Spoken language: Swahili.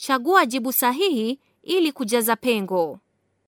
Chagua jibu sahihi ili kujaza pengo.